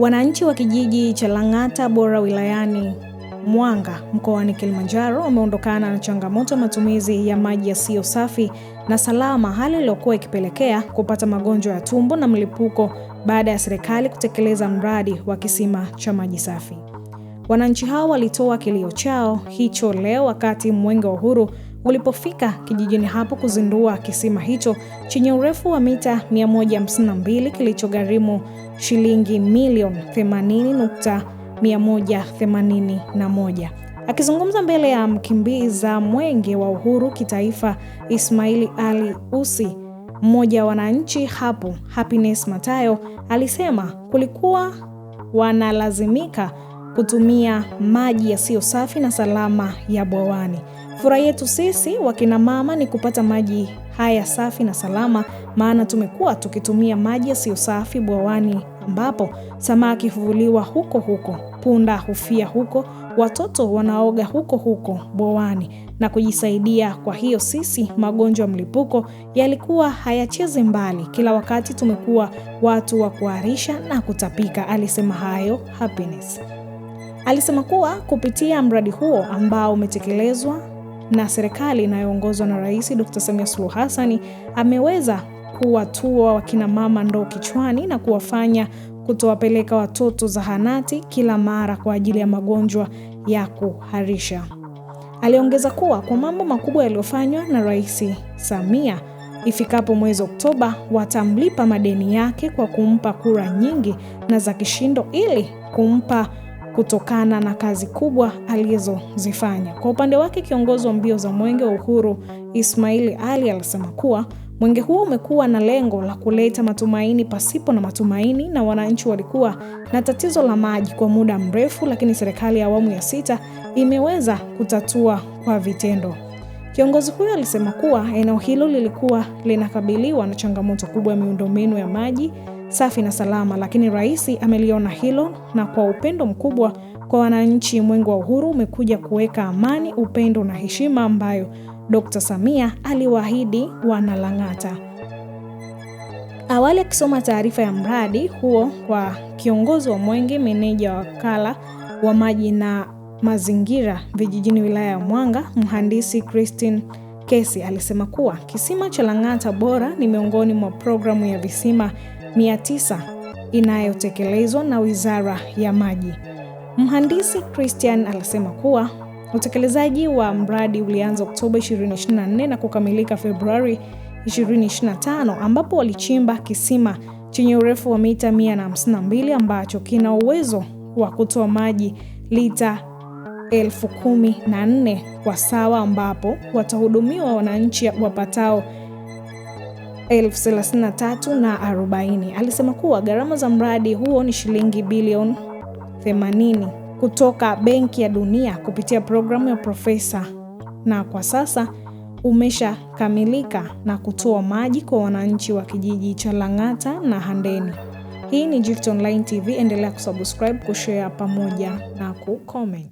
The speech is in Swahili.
Wananchi wa kijiji cha Lang'ata Bora wilayani Mwanga mkoani Kilimanjaro wameondokana na changamoto ya matumizi ya maji yasiyo safi na salama, hali iliyokuwa ikipelekea kupata magonjwa ya tumbo na mlipuko baada ya serikali kutekeleza mradi wa kisima cha maji safi. Wananchi hao walitoa kilio chao hicho leo wakati Mwenge wa Uhuru walipofika kijijini hapo kuzindua kisima hicho chenye urefu wa mita 152 kilichogharimu shilingi milioni 80.181. Akizungumza mbele ya mkimbiza mwenge wa uhuru kitaifa Ismaili Ali Usi, mmoja wa wananchi hapo, Happiness Matayo, alisema kulikuwa wanalazimika kutumia maji yasiyo safi na salama ya bwawani. Furaha yetu sisi wakina mama ni kupata maji haya safi na salama, maana tumekuwa tukitumia maji yasiyo safi bwawani, ambapo samaki huvuliwa huko huko, punda hufia huko, watoto wanaoga huko huko bwawani na kujisaidia. Kwa hiyo sisi, magonjwa mlipuko yalikuwa hayachezi mbali, kila wakati tumekuwa watu wa kuharisha na kutapika. Alisema hayo Happiness. Alisema kuwa kupitia mradi huo ambao umetekelezwa na serikali inayoongozwa na Rais Dr. Samia Suluhu Hassan ameweza kuwatua wakina mama ndoo kichwani na kuwafanya kutowapeleka watoto zahanati kila mara kwa ajili ya magonjwa ya kuharisha. Aliongeza kuwa kwa mambo makubwa yaliyofanywa na Rais Samia, ifikapo mwezi Oktoba watamlipa madeni yake kwa kumpa kura nyingi na za kishindo ili kumpa kutokana na kazi kubwa alizozifanya. Kwa upande wake, kiongozi wa mbio za Mwenge wa Uhuru ismaili Ali alisema kuwa mwenge huo umekuwa na lengo la kuleta matumaini pasipo na matumaini, na wananchi walikuwa na tatizo la maji kwa muda mrefu, lakini serikali ya awamu ya sita imeweza kutatua kwa vitendo. Kiongozi huyo alisema kuwa eneo hilo lilikuwa linakabiliwa na changamoto kubwa ya miundombinu ya maji safi na salama, lakini rais ameliona hilo na kwa upendo mkubwa kwa wananchi, Mwenge wa Uhuru umekuja kuweka amani, upendo na heshima ambayo Dkt. Samia aliwaahidi wana Lang'ata. Awali akisoma taarifa ya mradi huo kwa kiongozi wa Mwenge, meneja wa wakala wa maji na mazingira vijijini wilaya ya Mwanga, mhandisi Christine Kesi alisema kuwa kisima cha Lang'ata bora ni miongoni mwa programu ya visima 900 inayotekelezwa na Wizara ya Maji. Mhandisi Christian alisema kuwa utekelezaji wa mradi ulianza Oktoba 2024 na kukamilika Februari 2025 ambapo walichimba kisima chenye urefu wa mita 152 ambacho kina uwezo wa kutoa maji lita elfu kumi na nne kwa sawa ambapo watahudumiwa wananchi wapatao elfu thelathini na tatu na arobaini. Alisema kuwa gharama za mradi huo ni shilingi bilioni 80 kutoka Benki ya Dunia kupitia programu ya Profesa, na kwa sasa umeshakamilika na kutoa maji kwa wananchi wa kijiji cha Lang'ata na Handeni. Hii ni Gift Online TV, endelea kusubscribe, kushare pamoja na kucomment.